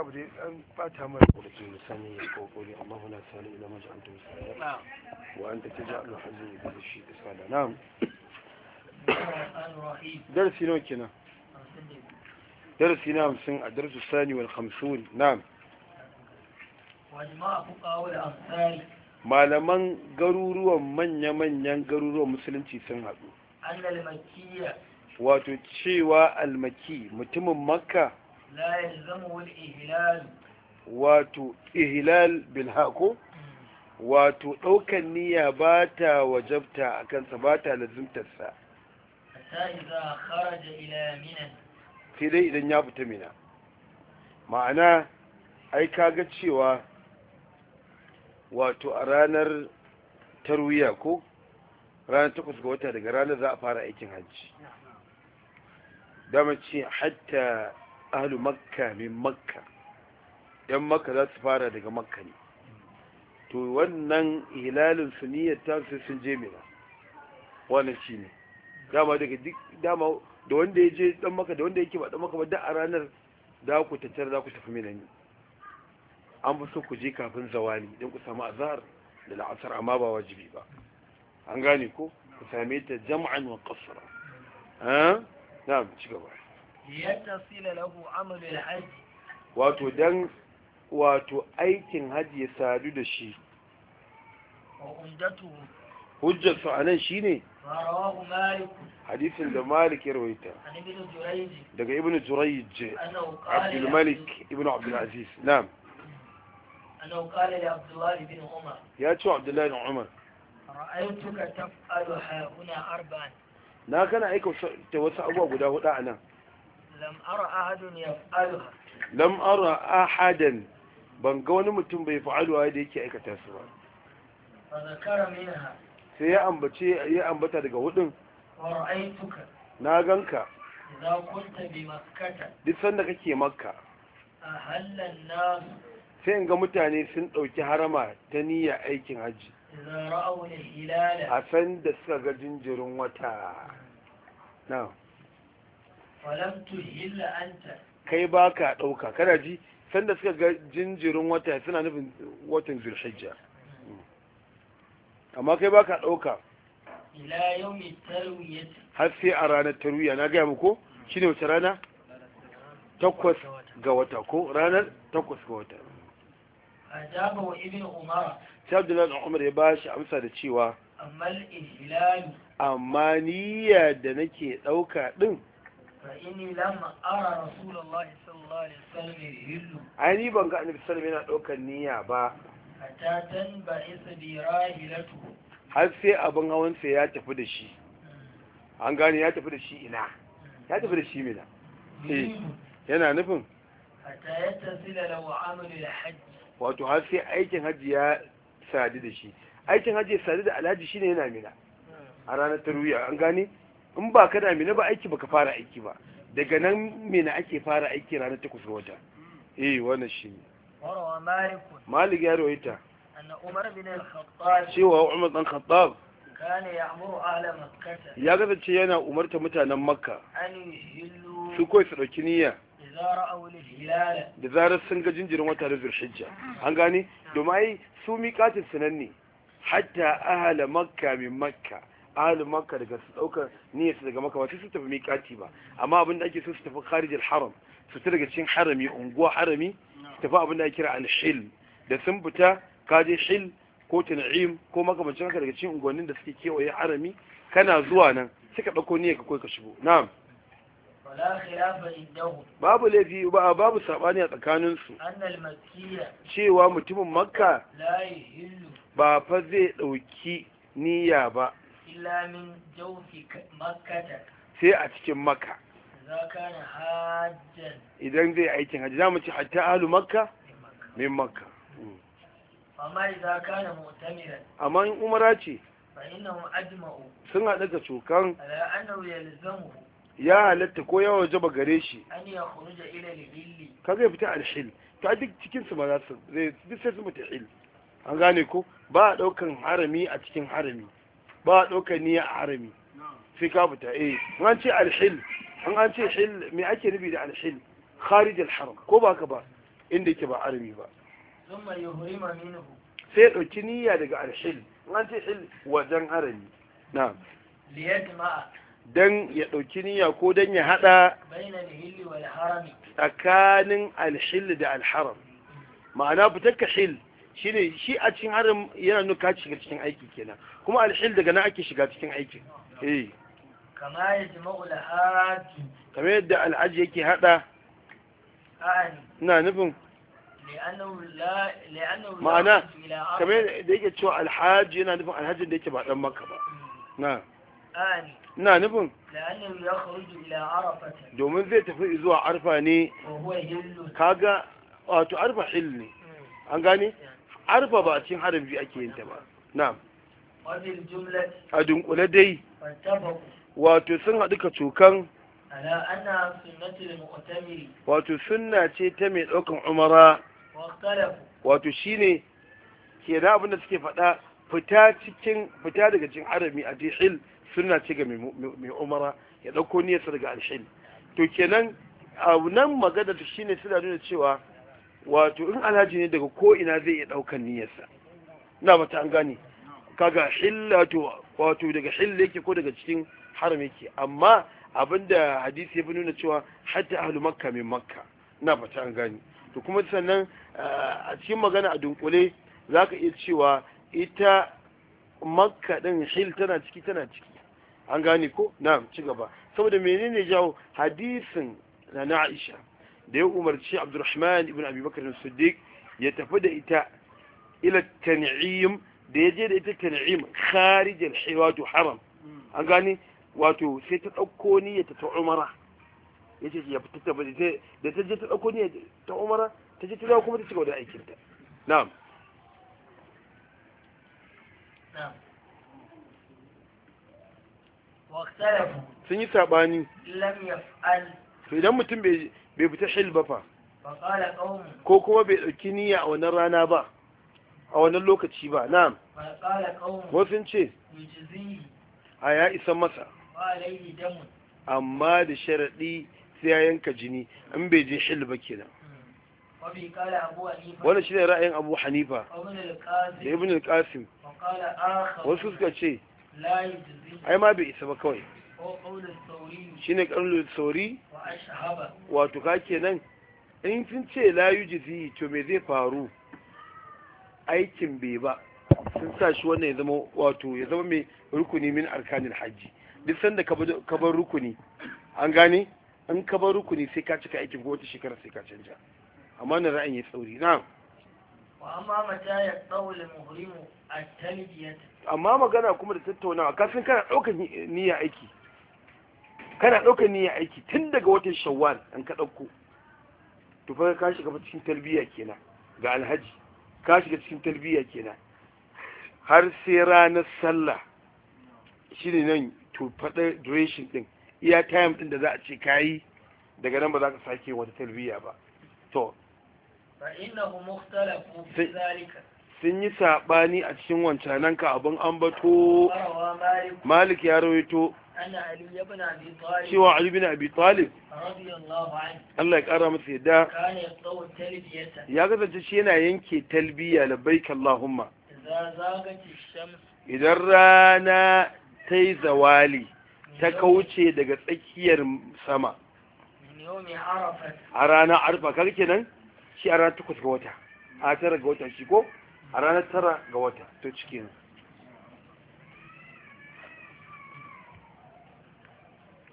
abu dai an bata mana kurki musani ya kokori amma hula sani ila maji an tun sani wa an ta ce ja Allah hanzu ne da shi da sada darasi nawa kenan darasi na hamsin a darasu sani wal hamsun na'am malaman garuruwan manya-manyan garuruwan musulunci sun haɗu wato cewa almaki mutumin makka la yalzamu wal wato ihlal bil wato daukan niyya ba ta wajabta akan sa ba ta lazimtar sa hatta idza kharaja ila mina sai dai idan ya fita mina ma'ana ai kaga cewa wato a ranar tarwiya ko ranar takwas ga wata daga ranar za a fara aikin hajji dama ce hatta ahlu makka min makka yan makka za su fara daga makka ne to wannan hilalin su niyyar ta su sun je mina wannan shi ne dama daga duk dama da wanda ya je dan maka da wanda yake ba dan maka ba da a ranar da ku tattara za ku tafi mina ne an fi so ku je kafin zawali don ku samu azhar da la'asar amma ba wajibi ba an gane ko ku same ta jam'an wa qasra ha na ci gaba wato dan wato aikin hajji ya sadu da shi hujjarsu a nan shi ne hadisin da malik ya rawaita daga ibn jurayj abdulmalik ibn abdulaziz na'am ya ce abdullahi bin umar na kana aika ta wasu abubuwa guda hudu a nan lam ara ahadun yaf'aluha lam ara ahadan ban ga wani mutum bai fa'aluwa da yake aikata su ba fa zakara minha sai ya ambace ya ambata daga hudun wa ra'aytuka na ganka za kunta bi makkata duk sanda kake makka ahallan na. sai in ga mutane sun dauki harama ta niyya aikin haji a san da suka ga jinjirin wata na'am kai ba ka ɗauka kana ji sanda suka ga jinjirin wata suna nufin watan zulhijja amma kai ba ka ɗauka har sai a ranar tarwiya na gaya muku shine wata wace rana takwas ga wata ko ranar takwas ga wata ajaba wa ibn umar sai abdullahi dan umar ya ba shi amsa da cewa amma niyyar da nake ɗauka ɗin fa'ini lamma ara Rasulullah sallallahu alaihi wasallam yahillu ai ni ban ga annabi sallallahu yana daukar niyya ba hatta tanba'isa bi rahilatu har sai abin hawan sai ya tafi da shi hmm. an gane ya tafi da shi ina hmm. ya tafi da shi mina hmm. eh yana nufin A hatta yattasila lahu amalu da hajj wato har sai aikin hajji ya sadu da shi aikin hajji ya sadu da alhaji shine yana mina a ranar tarwiya an gane in ba ka damina ba aiki baka fara aiki ba daga nan mena ake fara aiki ranar takwas ga wata eh wannan shi ne malik ya rawaita cewa umar dan khattab ya kasance yana umarta mutanen makka su kawai su dauki niyya da zarar sun ga jinjirin wata da zurshijja an gane domin ai su miƙatin sanan ne hatta ahala makka min makka alim makka daga su daukar niyyar su daga makka ba sai su tafi miƙati ba amma abin da ake so su tafi kharijil haram su ta daga cikin harami unguwa harami su tafi abin da ake kira al-hil da sun fita kaje hil ko tan'im ko makamancin haka daga cikin unguwannin da suke kewaye harami kana zuwa nan suka dauko niyyar ka ko ka shigo na'am babu laifi ba babu sabani a tsakaninsu cewa mutumin makka ba fa zai dauki niyya ba illa min jawfi makkata sai a cikin makka za kana hajjan idan zai aikin hajji mu ci hatta ahlu makka min makka mm. amma idan kana mu'tamiran amma in umara ce sun haɗu da cokan ya halatta ko yawa jaba gare shi An ka zai fita alhil ta duk cikinsu ba za su zai duk sai su mutu an gane ko ba a ɗaukan harami a cikin harami ba a ɗaukar niyya a harami sai ka fita eh an ce alhil an an ce hil me ake nufi da alhil kharij alharam ko ba ka ba inda yake ba harami ba sai ɗauki niyya daga alhil an ce hil wajen harami na'am dan ya ɗauki niyya ko dan ya haɗa tsakanin alhil da alharam ma'ana fitar ka hil shi ne shi a cikin harin yana nuna ka shiga cikin aiki kenan kuma alhil daga nan ake shiga cikin aiki eh kama ya jima'u alhaji kamar yadda alhaji yake hada ina nufin ma'ana kamar yadda yake cewa alhaji yana nufin alhajin da yake ba dan maka ba na ina nufin domin zai tafi zuwa arfa ne kaga wato arfa hil ne hmm. an gane arfa ba a cikin biyu ake yin ta ba na'am a dunkule dai wato sun haɗu ka cokan wato sunna ce ta mai ɗaukan umara wato shine ke da abin da suke faɗa fita cikin fita daga cikin arami a dihil sunna ce ga mai umara ya ɗauko niyyarsa daga alshil to kenan a nan magana shine suna nuna cewa wato in alhaji ne daga ko ina zai iya daukan niyyarsa ina ba an gane kaga hilla wato daga hilla yake ko daga cikin haram yake amma abinda hadisi ya fi nuna cewa hatta ahlu makka min makka ina ba an gane to kuma sannan eh, a cikin magana a dunkule zaka iya cewa ita makka din hil tana ciki tana ciki an gane ko na ci gaba saboda menene jawo hadisin na na aisha da ya umarci abdurrahman ibn abubakar siddiq ya tafi da ita ila tan'im da ya da ita tan'im kharij al-hiwat haram an gani wato sai ta dauko niyya ta ta umara yace ya fita ta da ta je ta dauko niyya ta umara ta je ta kuma ta cigaba da aikin ta na'am na'am wa sun yi sabani to idan mutum bai bai fita hil ba fa ko kuma bai ɗauki niyya a wannan rana ba a wannan lokaci ba na'am wasu ce a ya isa masa amma da sharaɗi sai ya yanka jini an bai je hil ba kenan wani shi ne ra'ayin abu hanifa da ibn al-qasim wasu suka ce ai ma bai isa ba kawai shi ne da sauri wato ka kenan in sun ce layu jizi to me zai faru aikin bai ba sun sa shi wannan ya zama wato ya zama mai rukuni min arkanin hajji duk sanda ka bar rukuni an gane in ka bar rukuni sai ka cika aikin wata shekara sai ka canja amma na ra'ayin ya tsauri na amma mata ya muhrimu a amma magana kuma da tattaunawa kafin kana ɗaukar niyya aiki kana ɗaukar niyyar aiki tun daga watan shawwal an ka ɗauko to fa ka shiga cikin tarbiyya kenan ga alhaji ka shiga cikin tarbiyya kenan har sai ranar sallah shine nan to faɗa duration din iya time ɗin da za a ce kayi daga nan ba za ka sake wata tarbiyya ba to sun yi saɓani a cikin wancananka ka abin ambato malik ya rawaito cewa Ali bin Abi Talib Allah ya ƙara masa yadda ya kasance shi yana yanke talbiya labbaik Allahumma idan rana ta yi zawali ta kauce daga tsakiyar sama a ranar arfa kar kenan shi a ranar takwas ga wata a tara ga wata shi ko a ranar tara ga wata to cikin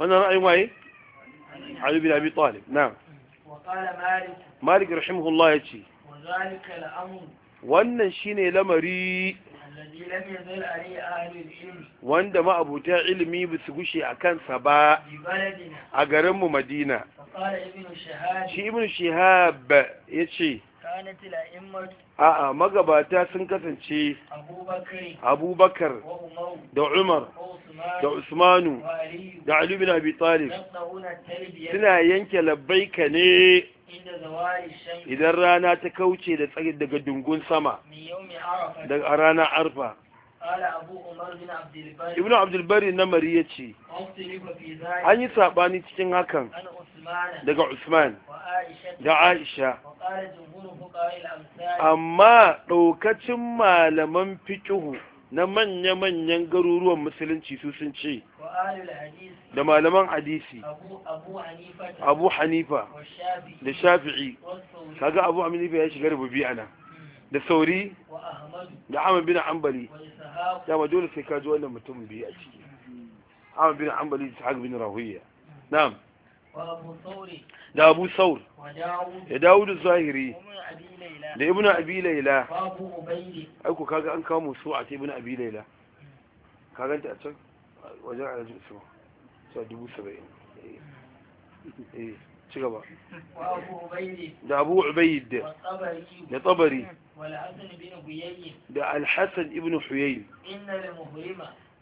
wannan ra'ayin waye Ali bin Abi Talib na'am wa qala Malik Malik rahimahullah yace zalika al-amr wannan shine lamari wanda ma ma'abuta ilimi ba su gushe a kansa ba a garinmu madina shi ibn shihab ya ce a'a magabata sun kasance abubakar da umar da usmanu da ali bin abi talib suna yanke labbaika ne idan rana ta kauce da tsari daga dungun sama daga rana arfa ibn abdulbari na ya ce an yi saɓani cikin hakan daga Usman da Aisha amma ɗaukacin malaman fikihu na manya-manyan garuruwan musulunci su sun ce da malaman hadisi abu hanifa da shafi'i kaga abu hanifa ya shiga rububi ana da sauri da ahmad bin ambali ya ma dole sai kaji wannan mutum biyu a ciki ahmad bin ambali da sa'ad bin rahuya na'am da abu saur da dawudu zahiri da ibn abi laila aiko kaga an kawo su a ta ibn abi laila kaganta a can wajen alhaji su sa dubu saba'in eh, eh ci gaba da abu ubaid da tabari da alhassan ibn huyayl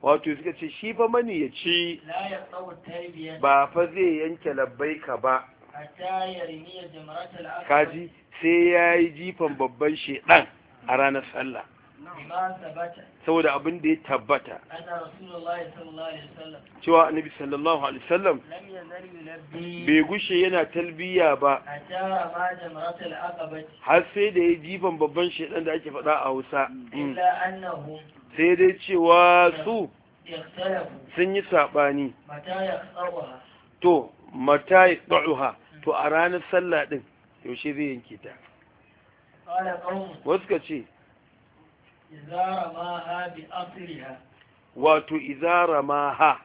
wato suka ce shi fa mani ya maniyaci ba fa zai yanke labbai ka ba kaji sai ya yi jifan babban shedan a ranar sallah saboda abin da ya tabbata cewa annabi sallallahu alaihi wasallam bai gushe yana talbiya ba har sai da ya jifan babban shedan da ake faɗa a Hausa sai dai cewa su sun yi saɓani to mata ya ɗa'uha to a ranar sallah ɗin yaushe zai yanke ta wasu ka ce wato izara ma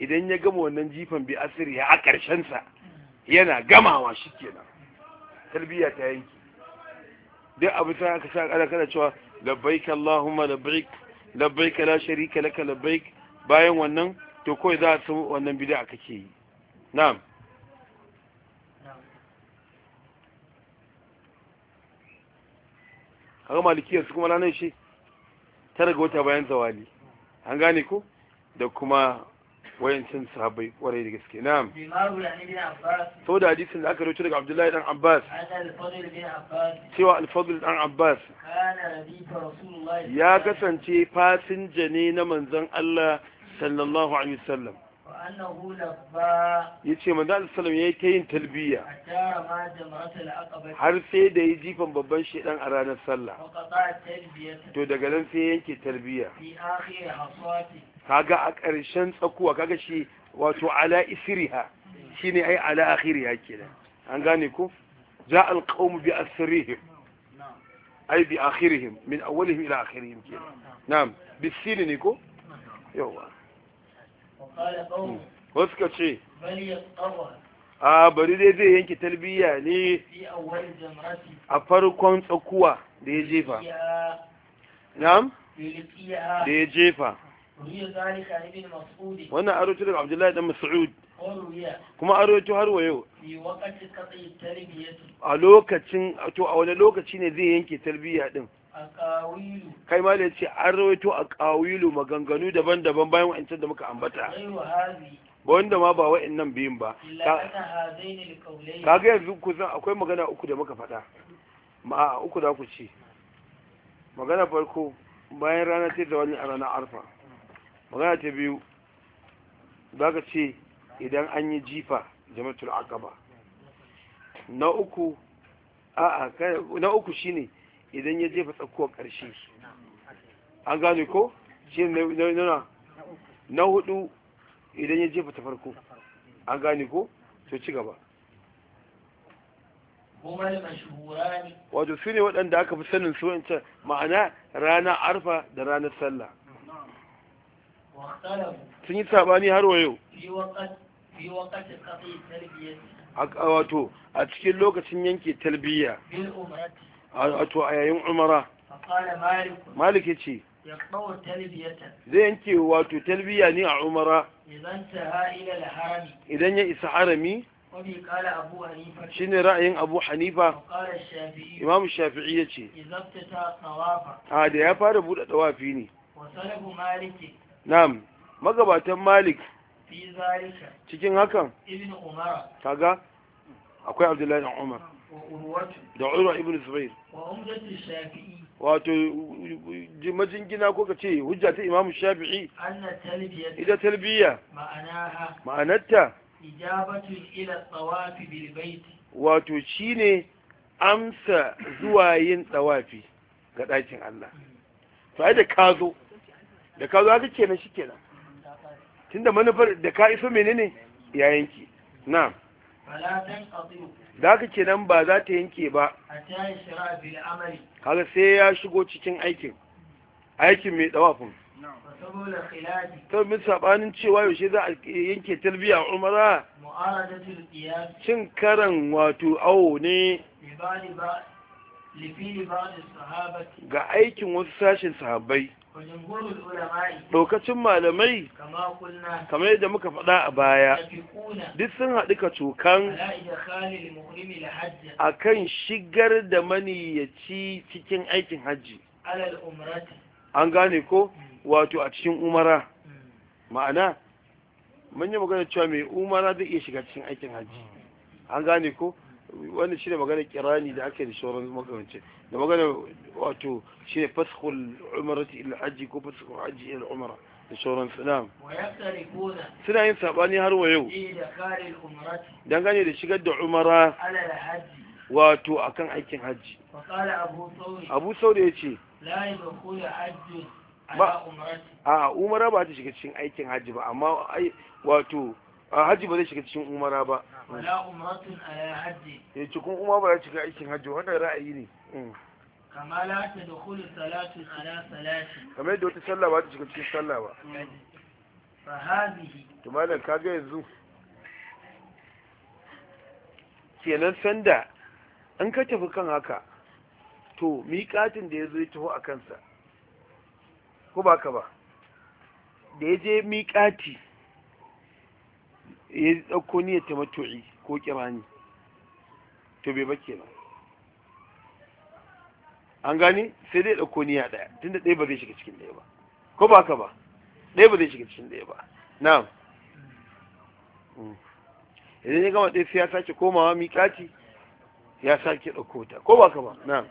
idan ya gama wannan jifan bi asiri a ƙarshensa yana gamawa shi kenan talbiya ta yanki duk abu ta aka sa kada kada cewa labbaik Allahumma labbaik labbaik la sharika laka labbaik bayan wannan to kawai za a wannan bid'a kake yi na'am kaga malikiya su kuma ranar shi tara ga wata bayan zawali an gane ko da kuma wayancin sahabbai kwarai da gaske na'am sau da hadisin da aka rubuta daga abdullahi dan abbas cewa alfadul dan abbas ya kasance fasinja ne na manzon allah sallallahu alaihi wasallam ya ce manzo alisalam ya yi ta yin talbiya har sai da ya jifan babban shaidan a ranar sallah to daga nan sai yanke talbiya kaga a ƙarshen tsakuwa kaga shi wato ala isriha shine ai ala akhiriha kenan an gane ko ja al qawm bi asrihim ai bi akhirihim min awwalihim ila akhirihim kenan na'am bi sin ne ko yawa hmm. wasu ka ce a bari dai zai yanki talbiya ne a farkon tsakuwa da ya jefa na'am da ya jefa wannan aro daga abdullahi dan mas'ud kuma aro to har wayo a lokacin to a wani lokaci ne zai yanke tarbiyya din kai ma da ce an rawaito a kawilu maganganu daban-daban bayan wa'ancan da muka ambata ba wanda ma ba wa'in nan biyun ba kaga yanzu kusan akwai magana uku da muka faɗa Ma'a uku da ku ci magana farko bayan rana ce da wani a ranar arfa magana ta biyu za ka ce idan an yi jifa jama'atul aqaba na uku a na uku shine idan ya jefa tsakuwar ƙarshe an gane ko shi na na hudu idan ya jefa ta farko an gane ko to ci gaba wato su ne waɗanda aka fi sanin su ma'ana rana arfa da ranar sallah sun yi sabani har wa yau wato a cikin lokacin yanke talbiya wato a yayin umara malik ya ce zai yanke wato talbiya ne a umara idan ya isa harami shine ra'ayin abu hanifa imam shafi'i ya ce a ah, da ya fara buɗe tawafi ne na'am magabatan malik cikin hakan kaga akwai abdullahi dan umar da urwa ibn zubair wato majingina ko ka ce hujja ta Imam shafi'i ita talbiya ma'anarta wato shi ne amsa zuwa yin tsawafi ga ɗakin Allah to ai da ka zo da ka zo duk kenan shikenan tunda manufar da ka iso menene ya yanke na da haka kenan ba za ta yanke ba kaga sai ya shigo cikin aikin aikin mai tsawafin saboda sabanin cewa yaushe za a yanke talbiya a umara cin karan wato awo ne ga aikin wasu sashen sahabbai Lokacin malamai, kamar yadda muka faɗa a baya, duk sun haɗu ka cokan a kan shigar da maniyyaci cikin aikin hajji. An gane ko? Mm. Wato a cikin umara. Mm. Ma'ana, mun yi magana cewa mai umara zai iya shiga cikin aikin hajji. Mm. An gane ko? wannan ne magana kirani da ake da shauran makamance da magana wato shine faskhul umrati ila aji ko faskhul hajji ila umra da shauran sunan suna yin sabani har wa yau dangane da shigar da umara wato akan aikin hajji abu sau da ya ce a umara ba ta shiga cikin aikin hajji ba amma wato a haji ba zai shiga cikin umara ba wala umratun ala Ya eh cikin umara ba zai shiga aikin hajji wannan ra'ayi ne mm. kama la tadkhulu salatu, ala salati kamar da wata sallah ba ta shiga cikin sallah ba fa hadhihi to malam kaga yanzu kenan sanda an ka tafi kan haka to miƙatin da ya zo ya taho a kansa ko ba ka ba da ya je miƙati ya ɗauko niyyar tamattu'i ko kirani to bai bakke ba an gani sai dai ɗauko ya ɗaya tunda ɗaya ba zai shiga cikin ɗaya ba ko ba ka ba ɗaya ba zai shiga cikin ɗaya ba na mm. idan ya gama ɗaya sai ya sake komawa miƙati ya sake ɗauko ta ko ba ka ba na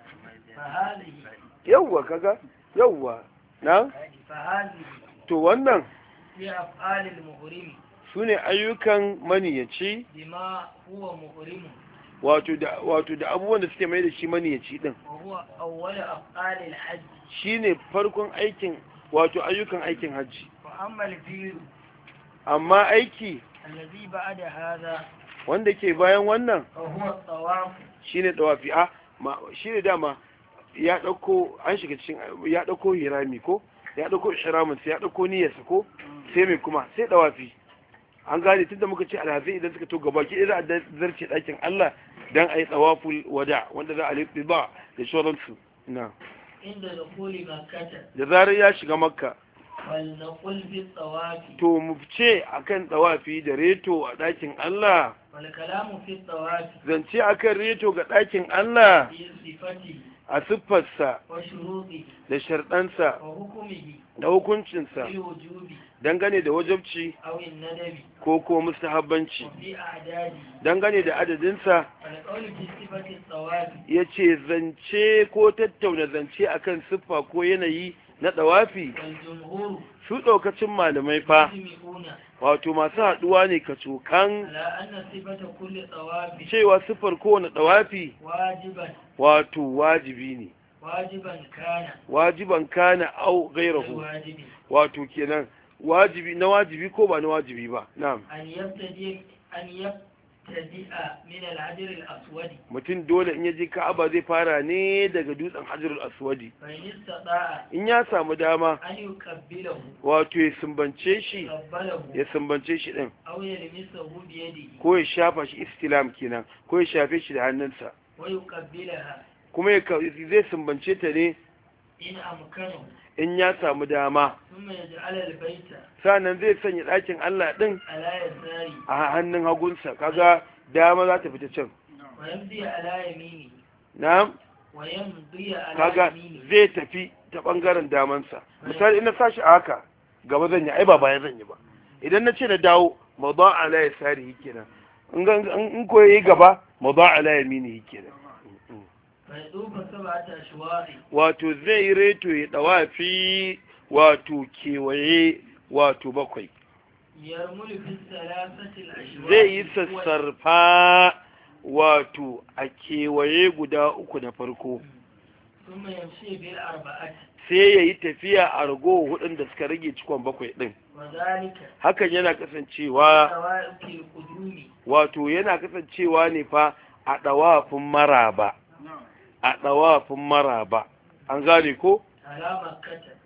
yawwa kaga yawwa na to wannan su ne ayyukan maniyaci wato da abubuwan da suke mai da shi maniyaci din shi ne farkon aikin wato ayyukan aikin hajji amma aiki wanda ke bayan wannan shi ne tawafi ah, a shi ne dama ya ɗauko an shiga cikin ya ɗauko hirami ko ya ɗauko shiramin ya ɗauko niyyarsa ko mm. sai mai kuma sai tawafi an gane tunda muka ce alhazai idan suka to gabaki idan a zarce ɗakin Allah dan a yi tsawaful wada wanda za a liɓi ba da shoransu na inda da koli makata da zarar ya shiga makka to mu ce akan tsawafi da reto a ɗakin Allah fi tsawafi. zance akan reto ga ɗakin Allah a siffarsa da sharɗansa da hukuncinsa dangane da wajabci ko ko mustahabbanci dangane da adadinsa ya ce zance ko tattauna zance akan siffa ko yanayi na ɗawafi su ɗaukacin malamai fa wato masu haɗuwa ne ka cokan cewa siffar kowane ɗawafi wato wajibi ne wajiban kana au gairahu wato kenan wajibi na wajibi ko ba na wajibi ba na'am an mutum dole in ya je ka'aba zai fara ne daga dutsen hajjarul aswadi in ya samu dama wato ya sumbance shi ya sumbance shi ɗin ko ya shafa shi istilam kenan ko ya shafe shi da hannunsa kuma zai sumbance ta ne in ya samu dama sannan zai sanya ɗakin Allah ɗin a hannun hagunsa kaga dama za ta fita can na'am kaga zai tafi ta ɓangaren damansa misali ina sashi a haka gaba zan yi ba bayan zan yi ba idan na ce na dawo mawda ala yasari kenan in koyi gaba gaba mawda ya yamini kenan wato zai reto ya dawafi wato kewaye wato bakwai zai yi sassarfa wato a kewaye guda uku na farko sai ya yi tafiya a rago hudun da suka rage cikon bakwai din hakan yana kasancewa wato yana kasancewa ne fa a dawafin maraba a ɗawafin mara ba, an gane ko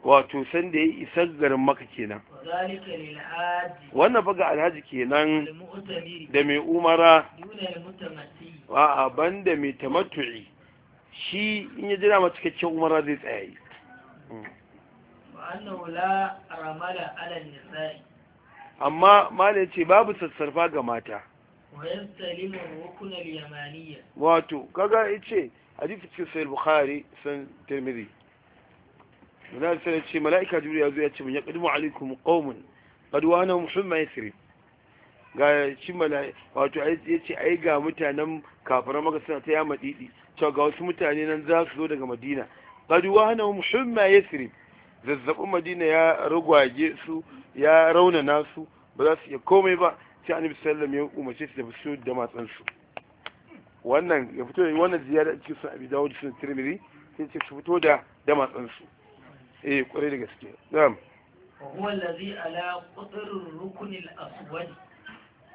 wato san da ya isa garin maka kenan wannan baga alhaji kenan da mai umara a banda mai tamattu'i shi in ya jira mata cikakken umara zai tsayayi hmm. amma mala ce babu sassarfa ga mata wato kaga ya ce hadisi cikin sayar bukhari san tirmidhi muna sanar ce mala'ika jibril ya zo ya ce mun ya qadimu alaikum qaumun qad wa ana muhammad yasri ga shi mala'ika wato ya ce ai ga mutanen kafiran maka suna ta yama didi to ga wasu mutane nan za su zo daga madina qad wa ana muhammad yasri zazzabin madina ya rugwaje su ya raunana su ba za su iya komai ba sai annabi sallallahu alaihi wasallam ya umarce su da su da matsansu wannan ya fito da wannan ziyara cikin sun dawo da sunan tirmiri sai ce su fito da damatsan eh kwarai da gaske na'am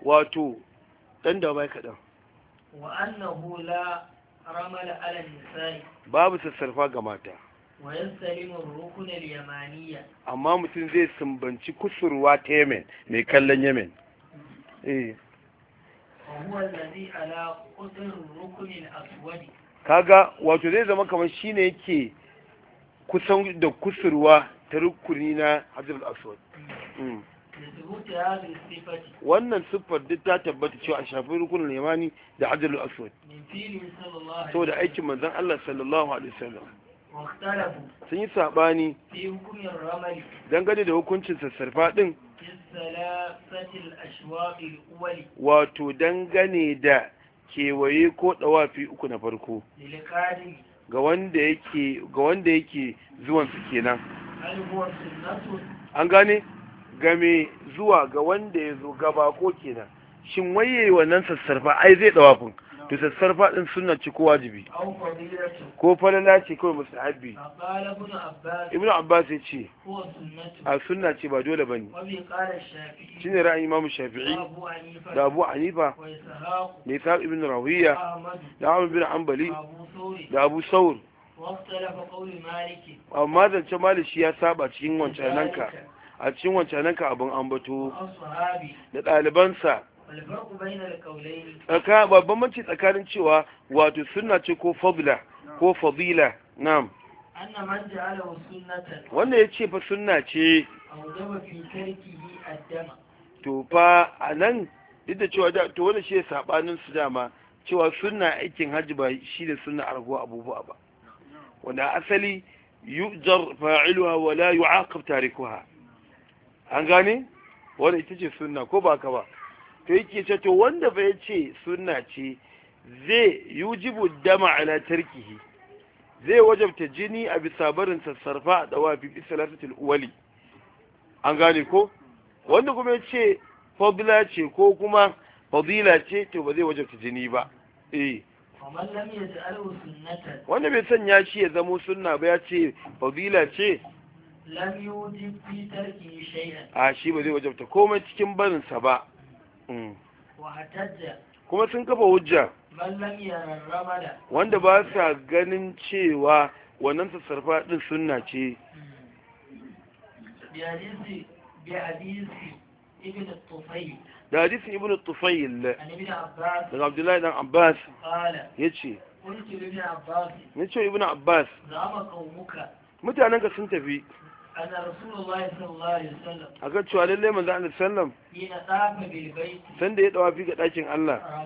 wato dan da bai kadan wa annahu la ramal ala nisa'i babu sassarfa ga mata wa yasalimu rukun al yamaniya amma mutum zai sumbanci kusurwa ta yemen mai kallon yemen eh kaga wato zai zama kamar shine yake kusan da kusurwa ta rukuni na hajjul aswad mm. wannan siffar duk ta tabbata cewa a shafi rukunin yamani da hajjul aswad saboda aikin manzan Allah sallallahu alaihi wasallam sun yi saɓani dangane da hukuncin sassarfa ɗin wato dangane da kewaye ko ɗawafi uku na farko ga wanda yake zuwansu kenan an gane game zuwa ga wanda ya zo gaba ko kenan shin waye wannan sassarfa ai zai ɗawafin to sassarfa din sunna ce ko wajibi ko falala ce kawai mustahabbi ibnu abbas ya ce a sunna ce ba dole bane shine ra'ayin imam shafi'i da abu hanifa da ishaq ibn rawiya da ahmad bin hanbali da abu saur amma zance malishi ya saba cikin wancananka a cikin wancananka abin ambato da ɗalibansa babban manci tsakanin cewa wato suna ce ko fabila ko fabila na'am wanda ya ce fa suna ce to fa a nan duk da cewa to wanda shi ya sabanin su dama cewa suna aikin hajji ba shi da suna arguwa abubuwa ba wanda asali yujar fa'iluha wa la yu'aqab tarikuha an gane wanda ita ce suna, ko ba ka ba to yake ce to wanda fa yace ce sunna ce zai yujibu dama ala tarkihi zai wajabta jini a bisa barin sassarfa a dawafi bi salatul Wali. an gane ko wanda kuma ya ce fadila ce ko kuma fadila ce to ba zai wajabta jini ba eh wanda bai sanya shi ya zamo sunna ba ya ce fadila ce a shi ba zai wajabta komai cikin barinsa ba Mm. kuma sun kafa hujja wanda ba sa ganin cewa wannan sassarfa din sunna ce mm. da hadisin ibn da daga abdullahi dan abbas ya ce ya ce ibn abbas mutanenka sun tafi ana aka cewa lalle manzo Allah sallam ina dafa bil ya dawa fi ga ɗakin Allah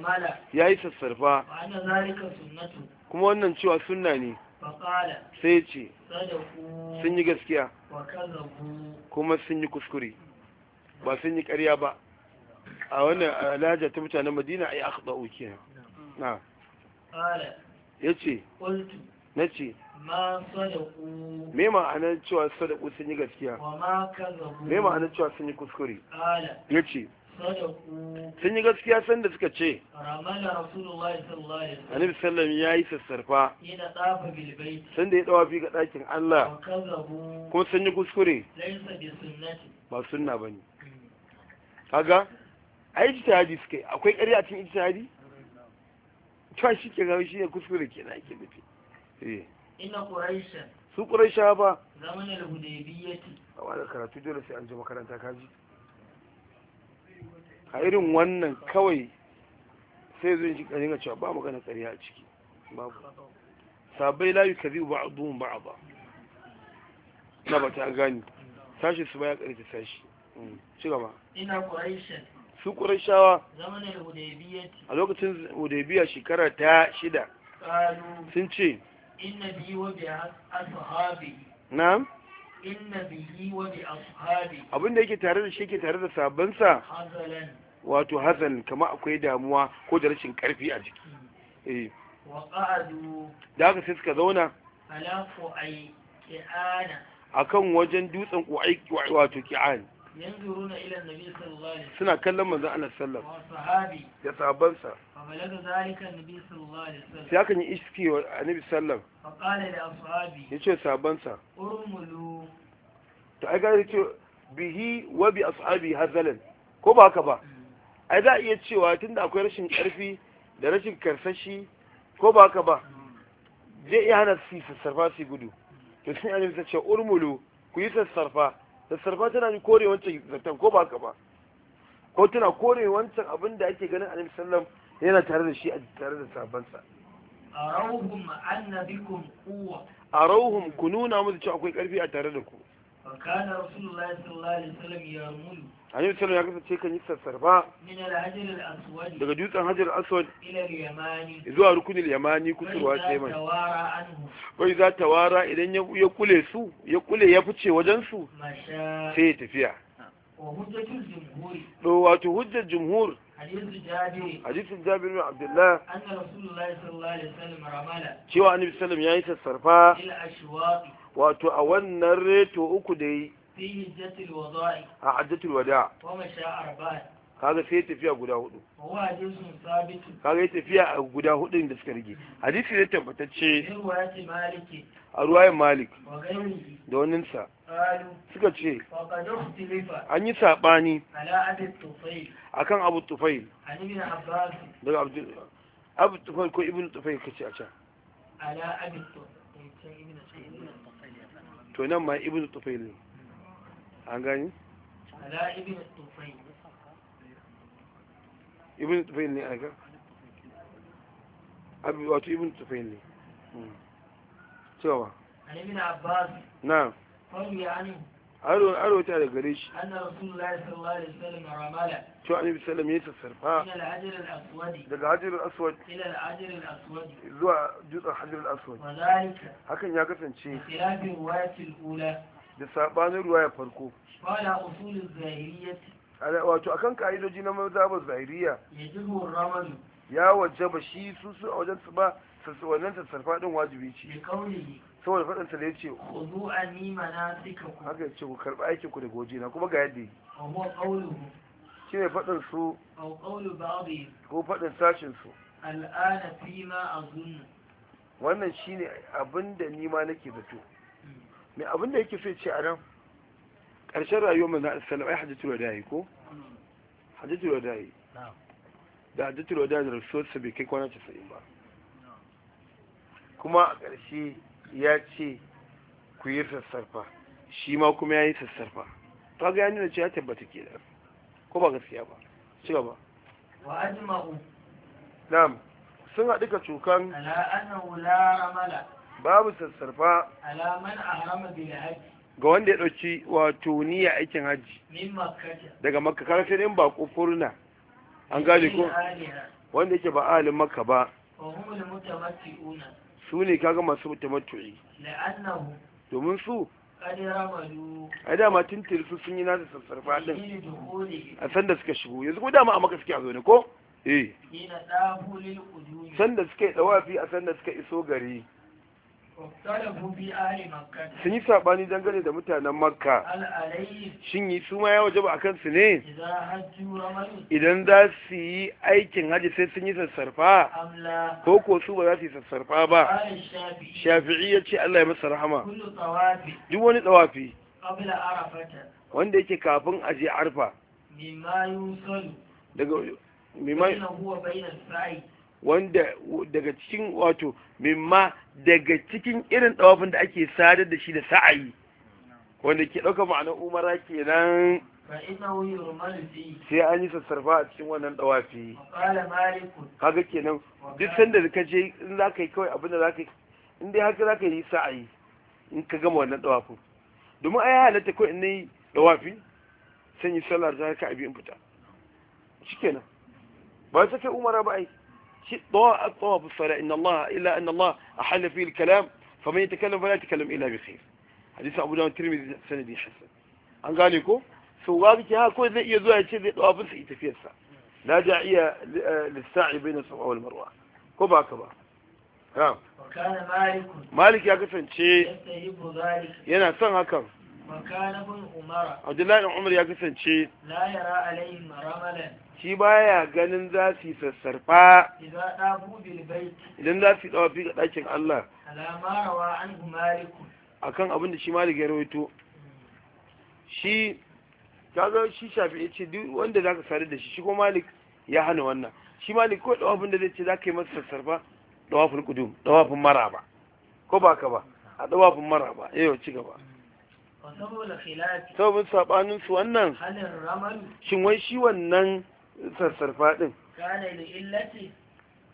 Ya yayi sassarfa ana zalika kuma wannan cewa sunna ne faqala sai ce sun yi gaskiya kuma sun yi kuskure ba sun yi ƙarya ba a wannan alhaja ta mutanen Madina ai aka ɗauki na ya ce na ce me ma'anar cewa sadaku sun yi gaskiya me ma'anar cewa sun yi kuskure ya ce sun yi gaskiya sanda suka ce annabi sallam ya yi sassarfa sanda ya dawa fi ga ɗakin Allah kuma sun yi kuskure ba sunna ba ne hmm. kaga a yi jitihadi suka yi akwai ƙarya cikin jitihadi ta shi ke gawa shi ne kuskure ke na ake mutu? inna quraishan su quraisha ba zamanin hudaybiyyati amma da karatu dole sai an je makaranta kaji a irin wannan kawai sai zai ji karin cewa ba magana tsariya a ciki babu sabai layu zai ba a duhun ba a ba na ba ta gani sashi su baya ƙarfi sashi ci gaba ina ƙuraishan su ƙuraishawa zamanin hudaybiyyati a lokacin hudaybiya shekara ta shida sun ce inna bi na'am inna bihi yake tare da shi ke tare da sabansa wato hazan kama akwai damuwa ko da rashin karfi a jiki eh da haka sai suka zauna ala qu'ai ki'ana akan wajen dutsen qu'ai wato ki'an yanzuruna ila annabi sallallahu alaihi suna kallon manzon Allah sallallahu alaihi wasallam ya sahabbansa fa balaga zalika annabi sallallahu alaihi wasallam sai kan yi iski wa annabi sallallahu fa qala li ashabi yace sahabbansa urmulu to ai ga yace bihi wa bi ashabi hazalan ko ba haka ba ai za iya cewa tunda akwai rashin karfi da rashin karsashi ko ba haka ba zai iya hana su sassarfa su gudu to sun yi ta cewa urmulu ku yi sassarfa da tana ni kore wancan zartan ko ba ka ba ko tana kore wancan abin da ake ganin annabi sallam yana tare da shi a tare da sabansa arauhum annabikum quwwa arauhum ku nuna musu cewa akwai karfi a tare da ku فكان رسول الله صلى الله عليه وسلم يرمل kan yi sassarfa daga dutsen hajar aswad zuwa rukunin yamani kusurwa sai mai bai za ta wara idan ya kule su ya kule ya fice wajensu. su sai ya tafiya wato hujjar jumhur hadisin jabir bin abdullah cewa annabi ya yi sassarfa wato a wannan reto uku da yi a hajjatul wada kaga sai tafiya guda hudu kaga yi tafiya a guda hudu da suka rige hadisi ne tabbatacce a ruwayan malik da waninsa suka ce an yi saɓani kan abu tufail daga abu tufail ko ibn tufail kace a can to nan ma ibn tufail ne an gani ala ibn tufail ibn tufail ne aka abu wato ibn tufail ne hmm. cewa an ibn abbas na faru ya anhu aro aro ta da gare shi anna rasulullahi sallallahu alaihi wasallam ramala to annabi sallam ya sassarfa ila daga hajar al-aswad ila al-hajar al-aswad zuwa dutsen hajar al-aswad hakan ya kasance khilafi riwayatil ula da sabanin ruwaya farko qala usul az-zahiriyyah ala wato akan kaidoji na mazhabar zahiriya yajibu ar-ramal ya wajaba shi su su a wajen su ba sassawannin sassarfa din wajibi ce saboda faɗin sa da nima na anni ku haka ce ku karɓi aikin ku da goji na kuma ga yadda yi. wa huwa shi ne faɗin su A aw qawlu ba'dihim ko faɗin sashin su Al'ada fi ma azun wannan shi ne abinda ni ma nake zato hmm. me abinda yake so ce a nan ƙarshen rayuwar mai na alaihi ai ai hajjatul dayi ko hmm. hajjatul dayi da hajjatul dayi da rasulullah bai kai kwana 90 ba kuma a ƙarshe ya ce ku yi sassarfa shi ma kuma ya yi sassarfa ta ga ya ce ya tabbata ke da ko ba gaskiya ba ci gaba wa ajma'u nam sun haɗu ka cokan. ala annahu ramala babu sassarfa ala man ahrama bil hajj ga wanda ya ɗauki wato niyya aikin hajji daga makakar karfe ɗin ba furna an gane ko wanda yake ba alin maka ba su ne kaga masu tamattu'i domin su a dama tintir su sun yi nasu sassarfa din a sanda suka shigo yanzu ko dama a maka suke a ne ko eh sanda suka yi tsawafi a sanda suka iso gari sun yi saɓani dangane da mutanen makka shin yi su ma ya waje ba a kansu ne idan za su yi aikin hajji sai sun yi sassarfa ko ko su ba za su yi sassarfa ba shafi'i ya ce allah ya masa rahama duk wani tsawafi wanda yake kafin a je arfa daga wanda daga cikin wato mimma daga cikin irin dawafin da ake sadar da shi da sa'ayi wanda ke ɗauka ma'anar umara kenan sai an yi sassarfa a cikin wannan dawafi kaga kenan duk sanda ka je in za ka yi kawai abin da za ka yi in dai haka za ka yi sa'ayi in ka gama wannan dawafin domin a yi halatta ko in yi dawafi sanyi sallar za ka abi in fita shi kenan ba ta kai umara ba ai الطواف الصلاة إن الله إلا أن الله أحل فيه الكلام فمن يتكلم فلا يتكلم إلا بخير حديث أبو جامع الترمذي سندي حسن أن قال لكم سواقك ها كل ذي يذوع الشيء ذي طواف يتفير لا داعية آه، للسعي بين الصفا والمروة كوبا كبا نعم. وكان مالك مالك يا قفن شيء ينا سن هكذا Abdullahi ɗan Umar ya kasance shi baya ganin za su yi sassarfa idan za su yi tsawafi ga ɗakin Allah a kan abin da shi malik ya rawaito shi kaga shi shafi ya ce duk wanda za ka sadu da shi shi ko malik ya hana wannan shi malik ko ɗawafin da zai ce za ka yi masa sassarfa ɗawafin kudum ɗawafin maraba ko ba ka ba a ɗawafin maraba yau eh, ci gaba sababin sabanin su wannan shin wai shi wannan sassarfa din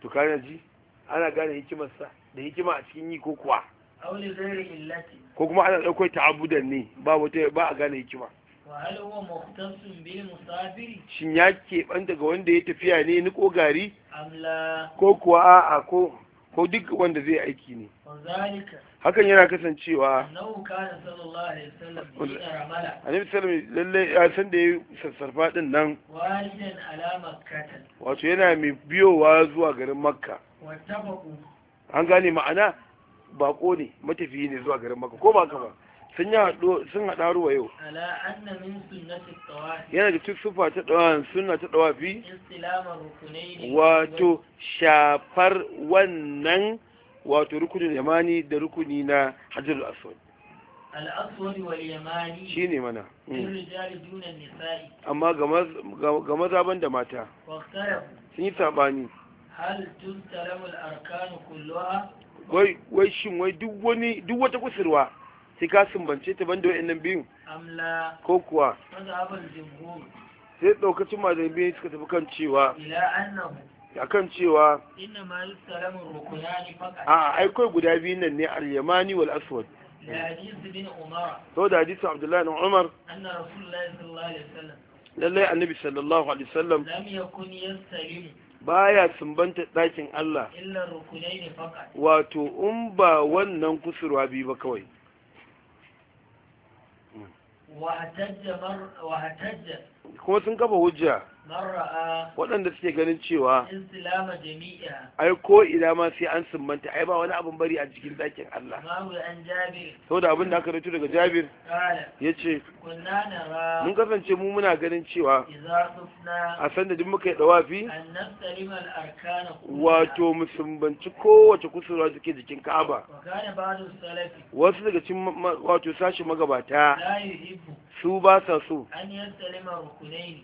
to kana ji ana gane hikimarsa da hikima a cikin yi ko kuwa ko kuma ana ɗaukar ta'abudan ne ba wata ba a gane hikima shin ya keɓanta ga wanda ya tafiya ne ni ko gari ko kuwa a'a ko ko duk wanda zai aiki ne hakan yana kasancewa annabi sallam lalle ya san da ya sassarfa din nan wato yana mai biyowa zuwa garin makka an gane ma'ana bako ne matafiyi ne zuwa garin makka ko ba ka ba sun yi sun haɗa ruwa yau yana da cikin ta ɗawan suna ta wato shafar wannan wato rukunin yamani da rukuni na hajjar aswad al'aswad shi ne mana mm. amma ga maza da mata sun yi saɓani tun wai shin wai duk wata kusurwa sai ka sumbance ta banda wa'annan biyun ko kuwa sai ɗaukacin mazan biyu suka tafi kan cewa a kan cewa a aikoi guda biyu nan ne al-yamani wal aswad sau hadisu hadisun abdullahi na umar lallai annabi sallallahu alaihi wasallam ya sumbanta ɗakin Allah wato in ba wannan kusurwa biyu ba kawai واهتز, kuma sun kafa hujja waɗanda suke ganin cewa ai ko ina ma sai an sumbanta ai ba wani abin bari a cikin ɗakin Allah da abin da aka rubuta daga Jabir ya ce mun kasance mu muna ganin cewa a sanda duk muka yi dawafi wato mu sumbanci kowace kusurwa suke jikin Ka'aba wasu daga cikin wato sashi magabata su ba sa so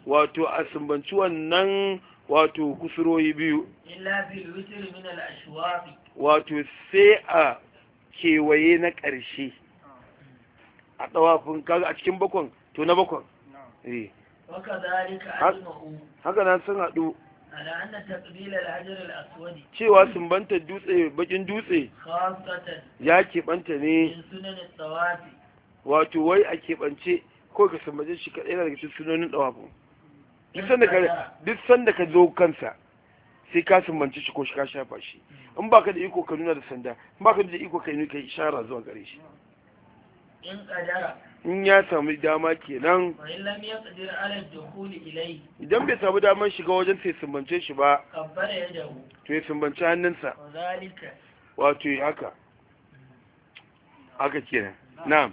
wato a sumbanci wannan wato kusuroyi biyu wato sai a kewaye na ƙarshe a ɗawafin kaga a cikin bakon to na bakon eh. haka nan sun haɗu cewa sumbantar dutse bakin dutse ya keɓanta ne wato wai a keɓance ko ka sumbace shi kaɗai yana daga cikin sunonin ɗawafu duk sanda ka zo kansa sai ka sumbance shi ko shi ka shafa shi in ba ka da iko ka nuna da sanda in ba ka da iko ka yi ka ishara zuwa gare shi in ya samu dama kenan idan bai samu damar shiga wajen sai sumbance shi ba to ya sumbance hannunsa wato haka haka kenan na'am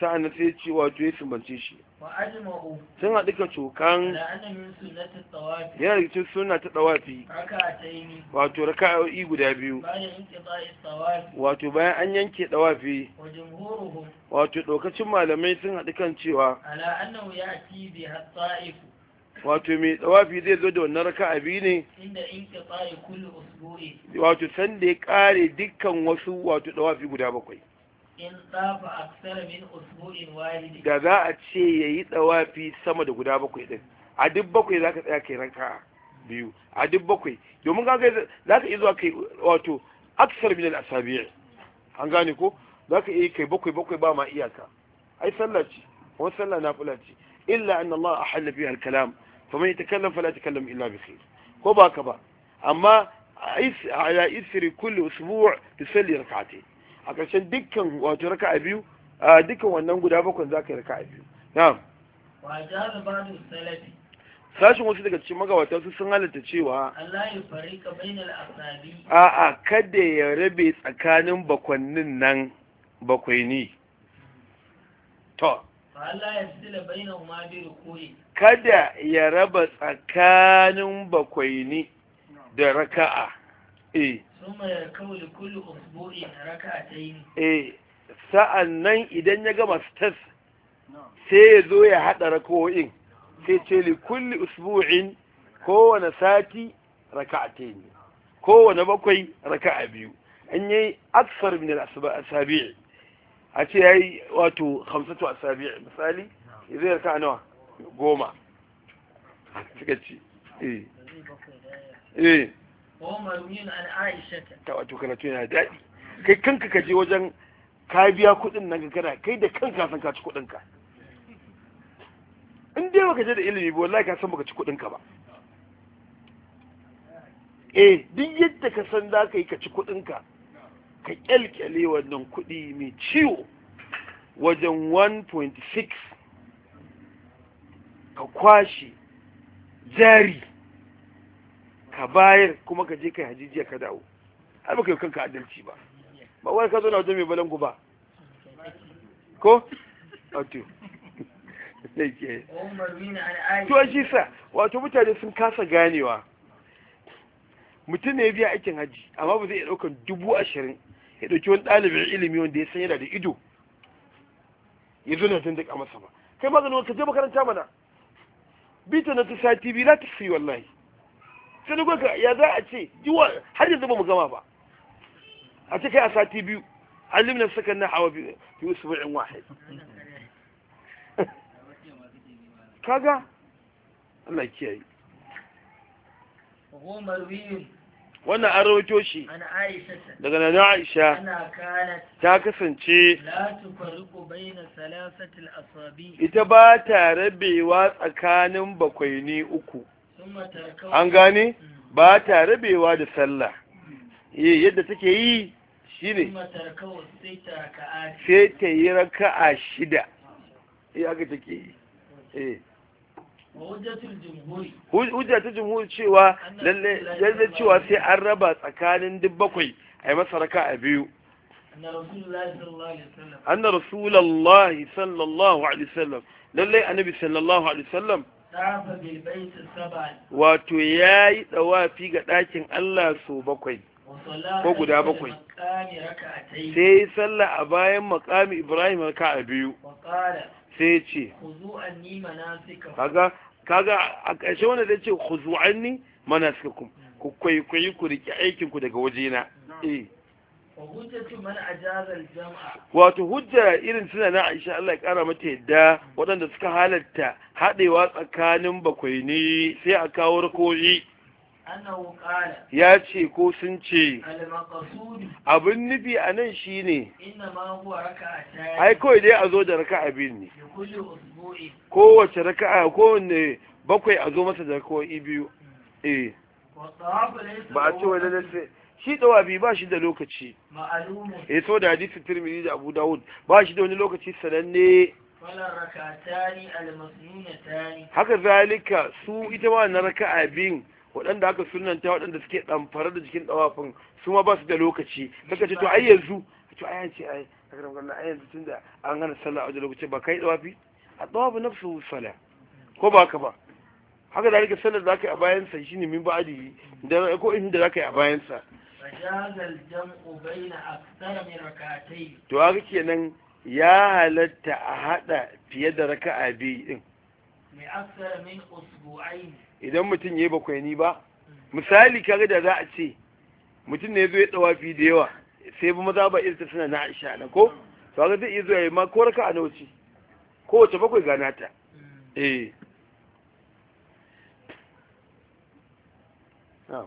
sa'an na sai ce wato ya sumbance shi sun haɗu kan cokan yana rikicin suna ta tsawafi wato raka'o'i guda biyu wato bayan an yanke tsawafi wato ɗaukacin malamai sun haɗu kan cewa wato mai tsawafi zai zo da wannan raka biyu ne wato sanda ya ƙare dukkan wasu wato tsawafi guda bakwai da za a ce ya yi tsawafi sama da guda bakwai ɗin a duk bakwai za ka tsaya kai ranka biyu a duk bakwai domin ka kai za ka iya zuwa kai wato aksar min al-asabi' an gane ko za ka iya kai bakwai bakwai ba ma iyaka ai sallah ce wani sallah na fula ce illa anna Allah ahalla biha al-kalam faman yatakallam fala yatakallam illa bi khair ko ba ka ba amma ala isri kulli da tusalli rak'atayn a ƙarshen dukkan wato raka a biyu a dukkan wannan guda bakwai za ka yi raka a biyu na'am sashin wasu daga cikin magawata su sun halatta cewa a a'a kada ya rabe tsakanin bakwannin nan bakwai ne to kada ya raba tsakanin bakwai ne da raka'a eh eh nan idan ya gama stars sai ya zo ya haɗa rako'in sai ce li kulli usbu'in kowane sati raka a raka'atayn kowane bakwai raka a biyu an yi aksar min al-asabi' a ce ya yi wato hamsatu asabi'i misali zai raka a nawa goma suka ce eh eh ta wato karatu yana daɗi kai kanka ka je wajen ka biya kuɗin nan ka kana kai da kanka san ka ci kuɗin ka in dai baka je da ilimi ba wallahi ka san baka ci kuɗin ka ba eh duk yadda ka san za ka yi ka ci kuɗin ka ka kyalkyale wannan kuɗi mai ciwo wajen 1.6 ka kwashe jari ka bayar kuma ka je kai hajijiya ka dawo ai baka yi kanka adalci ba ba wai ka zo na wajen mai balangu ba ko wato to shi sa wato mutane sun kasa ganewa mutum ne biya aikin haji amma ba zai iya ɗaukan dubu ashirin ya ɗauki wani ɗalibin ilimi wanda ya san yana da ido ya zo na tun masa ba kai maganin ka je makaranta mana bita na ta sati biyu za ta fi wallahi tunugo ka ya za a ce yiwa har yanzu ba mu gama ba a ce kai a sati biyu alimna sakan na hawa biyu biyu subu'in wahid kaga Allah kiyaye wannan an rawaito shi daga nan Aisha ta kasance ita ba ta rabewa tsakanin bakwai ne uku an gane ba ta rabewa da sallah eh yadda take yi shine sai ta yi raka'a shida eh haka take yi eh hujjatul jumhur cewa lalle cewa sai an raba tsakanin duk bakwai ai masa raka'a biyu anna rasulullahi sallallahu alaihi wasallam lalle annabi sallallahu alaihi wasallam wato ya yi tsawafi ga ɗakin Allah su bakwai ko guda bakwai sai yi sallah a bayan makami Ibrahim raka a biyu sai ce kaga kaga a ƙarshe wanda zai ce khuzu'anni manasikakum ku kwaikwayi ku riƙe aikinku daga wajena eh wato hujja irin suna na aisha Allah ya kara mata yadda waɗanda suka halatta haɗewa tsakanin bakwai ne sai a kawo rakoyi ya ce ko sun ce abin nufi a nan shi ne ai kawai dai a zo da raka abin ne kowace raka a kowane bakwai a zo masa da rakoyi biyu hmm. eh ba a ce wani shi dawabi ba shi da lokaci eh so da hadisin tirmidhi da abu dawud ba shi da wani lokaci sananne haka zalika su ita ma na raka abin waɗanda aka sunanta waɗanda suke ɗamfara da jikin ɗawafin su ma ba su da lokaci daga ce to ai yanzu to ai an ce ai a karam kallon ai yanzu tun da an gana sallah a wajen lokaci ba kai ɗawafi a ɗawafi na su sala ko ba ka ba haka zalika sallar da ka yi a bayansa shine min ba'adi ko inda da ka yi a bayansa to haka kenan ya halatta a hada fiye da raka'a biyu din idan mutum ya yi ni ba hmm. misali kare da za a ce mutum ne zo ya fi da yawa sai ba maza ba irta suna na aisha na ko hmm. to haka zai iya zuwa ya ma ko raka'a na wuce wace bakwai gana ta hmm. eh na'am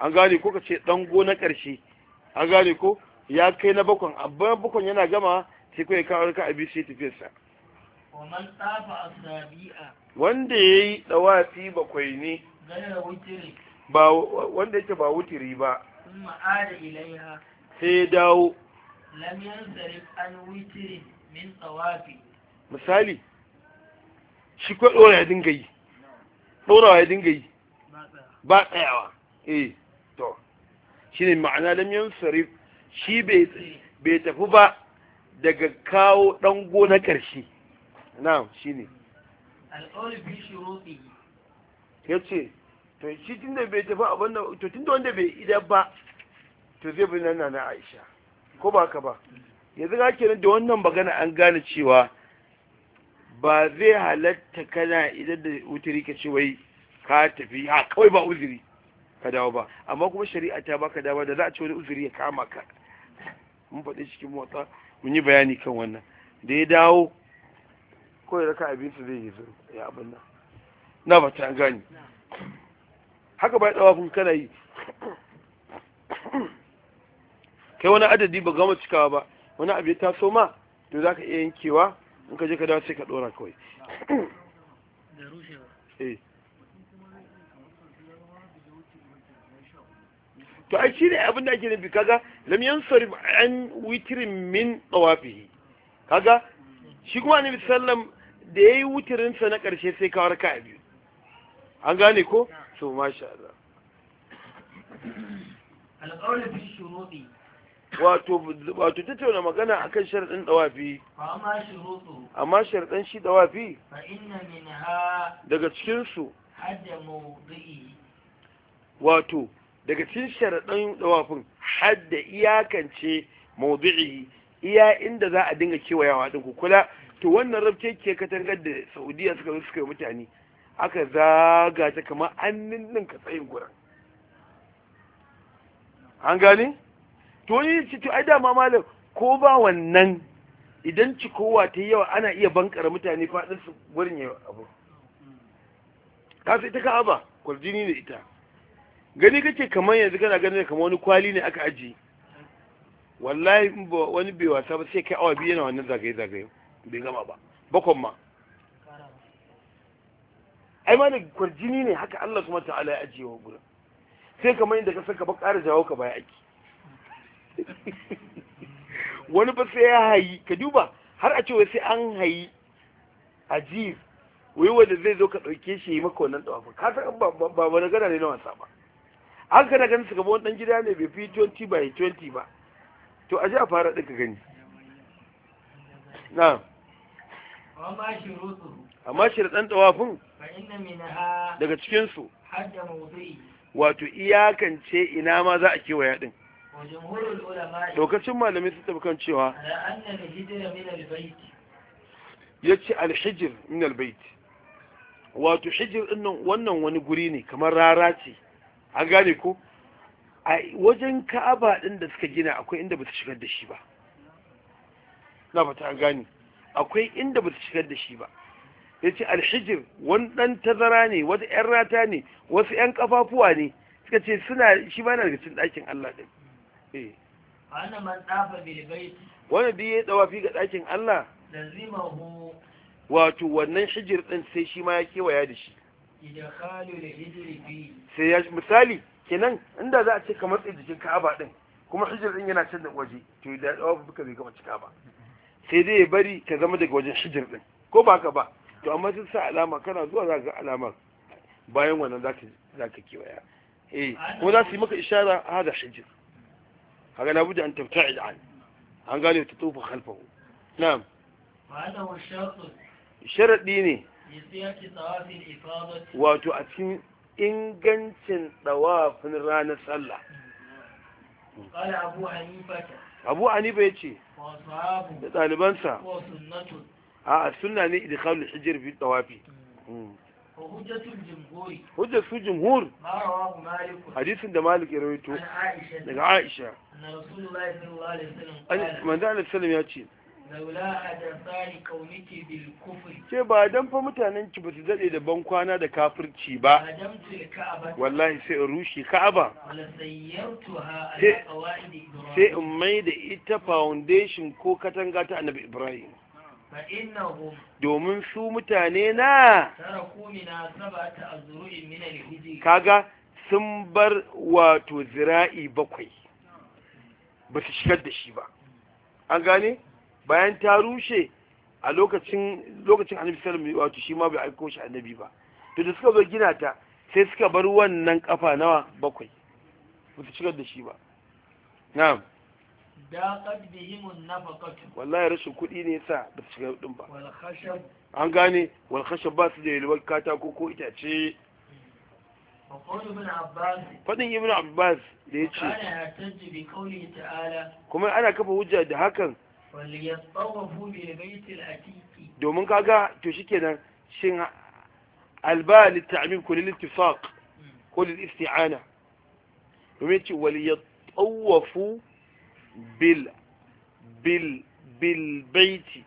an gane ko ka ce dango na ƙarshe an gane ko ya kai na bakon abban bakon yana gama sai ya kawo ka bishi tafiyar tafiyarsa wanda ya yi ɗawafi bakwai ne ba wanda yake ba wutiri ba sai dawo misali shi kwa ɗora ya dinga yi dora ya dinga yi ba tsayawa eh shine ma'ana lam sarif shi bai tafi ba daga kawo dango na ƙarshe na'am shi ne. Ya ce to shi tunda bai tafi abin da to tunda wanda bai idan ba to zai bi nan na Aisha ko ba ka ba yanzu ga kenan da wannan magana an gane cewa ba zai halatta kana idan da wutiri ka ce wai ka tafi ha kawai ba uzuri ka dawo ba amma kuma shari'a ta baka dawo da za a ce wani uzuri ya kama ka mun faɗi cikin motsa mun yi bayani kan wannan da ya dawo ko ya raka abinsa zai yi zuru ya abin nan na ba ta gani haka bai tsawa kun kana yi kai wani adadi ba gama cikawa ba wani abu ya taso ma to za ka iya yankewa in ka je ka dawo sai ka ɗora kawai to ai shine abin da ake nufi kaga lam yansarif an witrin min tawafihi kaga shi kuma annabi sallam da yayi witrin sa na karshe sai kawar ka biyu an gane ko so masha Allah al-qawl fi shuruti wato wato tattauna magana akan sharadin dawafi amma sharadin shi dawafi daga cikin su wato daga cikin sharaɗan ɗawafin hadda iyakance maudu'i iya inda za a dinga kewayawa din ku kula to wannan rabce ke katangar da saudiya suka zo suka yi mutane aka zaga ta kamar an ninnin ka tsayin gurin an gane to yi ci to ai dama malam ko ba wannan idan ci kowa ta yi yawa ana iya bankara mutane faɗin su gurin yawa abu ka sai ta ka'aba kwarjini da ita gani kake kamar yanzu kana ganin kamar wani kwali ne aka aji. wallahi wani bai wasa ba sai kai awa biyu yana wannan zagaye-zagaye bai gama ba bakon ma ai ma da kwarjini ne haka Allah kuma ta'ala ya ajiye wa gurin sai kamar yadda ka saka ba ƙara jawo ka baya aiki wani ba sai ya hayi ka duba har a cewa sai an hayi ajiyar wai wanda zai zo ka ɗauke shi yi maka wannan ɗawa ka san ba ba gana ne na wasa ba an na ganin su gaba wani gida ne bai fi 20 by 20 ba to ji a fara ɗin ka gani na amma ɗan tawafin daga cikinsu wato iyakance ina ma za a kewaya ɗin lokacin malamai su tafi kan cewa ya ce alhijir min albaiti wato hijir wannan wani guri ne kamar rara ce an gane ko a wajen ka'aba ɗin da suka gina akwai inda ba su shigar da shi ba na fata an gane akwai inda ba su shigar da shi ba ya ce alhijir wani ɗan tazara ne wata 'yan rata ne wasu 'yan kafafuwa ne suka ce suna shi ba na daga cikin ɗakin Allah ɗin eh. wani duk ya tsawa fi ga ɗakin Allah wato wannan hijir ɗin sai shi ma ya kewaya da shi sai ya misali kenan inda za a ce kamar tsaye jikin ka'aba din kuma hijir din yana can da waje to da dawa buka bai gama cika ba sai dai ya bari ka zama daga wajen hijir din ko ba ka ba to amma sun sa alama kana zuwa za ga alamar bayan wannan za ka kewaya eh kuma za su yi maka ishara hada hijir haka na buɗe an tafta an an gane ta tofa halfahu na'am hada wa sharaɗi ne wato a cikin ingancin ɗawafin ranar sallah abu hanifa ya ce da ɗalibansa a suna ne idikalu hijir fi ɗawafi hujjar su jimhur hadisun da malik ya rawaito daga aisha manzo Salim ya ce ce ba dan fa mutanen ki ba su daɗe da ban kwana da kafirci ba wallahi sai in rushe ka'aba sai in mai da ita foundation ko katanga ta annabi ibrahim domin su mutane na kaga sun bar wato zira'i bakwai ba su shigar da shi ba an gane? bayan ta rushe a lokacin lokacin annabi sallallahu wasallam shi ma bai aiko shi annabi ba to da suka zo gina ta sai suka bar wannan kafa nawa bakwai ba su cigar da shi ba na'am da qadbihimun nafaqat wallahi rashin kuɗi ne yasa ba su cigar din ba wal khashab an gane wal khashab ba su da yalwar katako ko itace Faɗin Ibn Abbas da ya ce, Kuma ana kafa hujja da hakan domin kaga to shikenan shin alba litta'mim ko lil ittifaq ko lil isti'ana domin ce wal bil bil bil baiti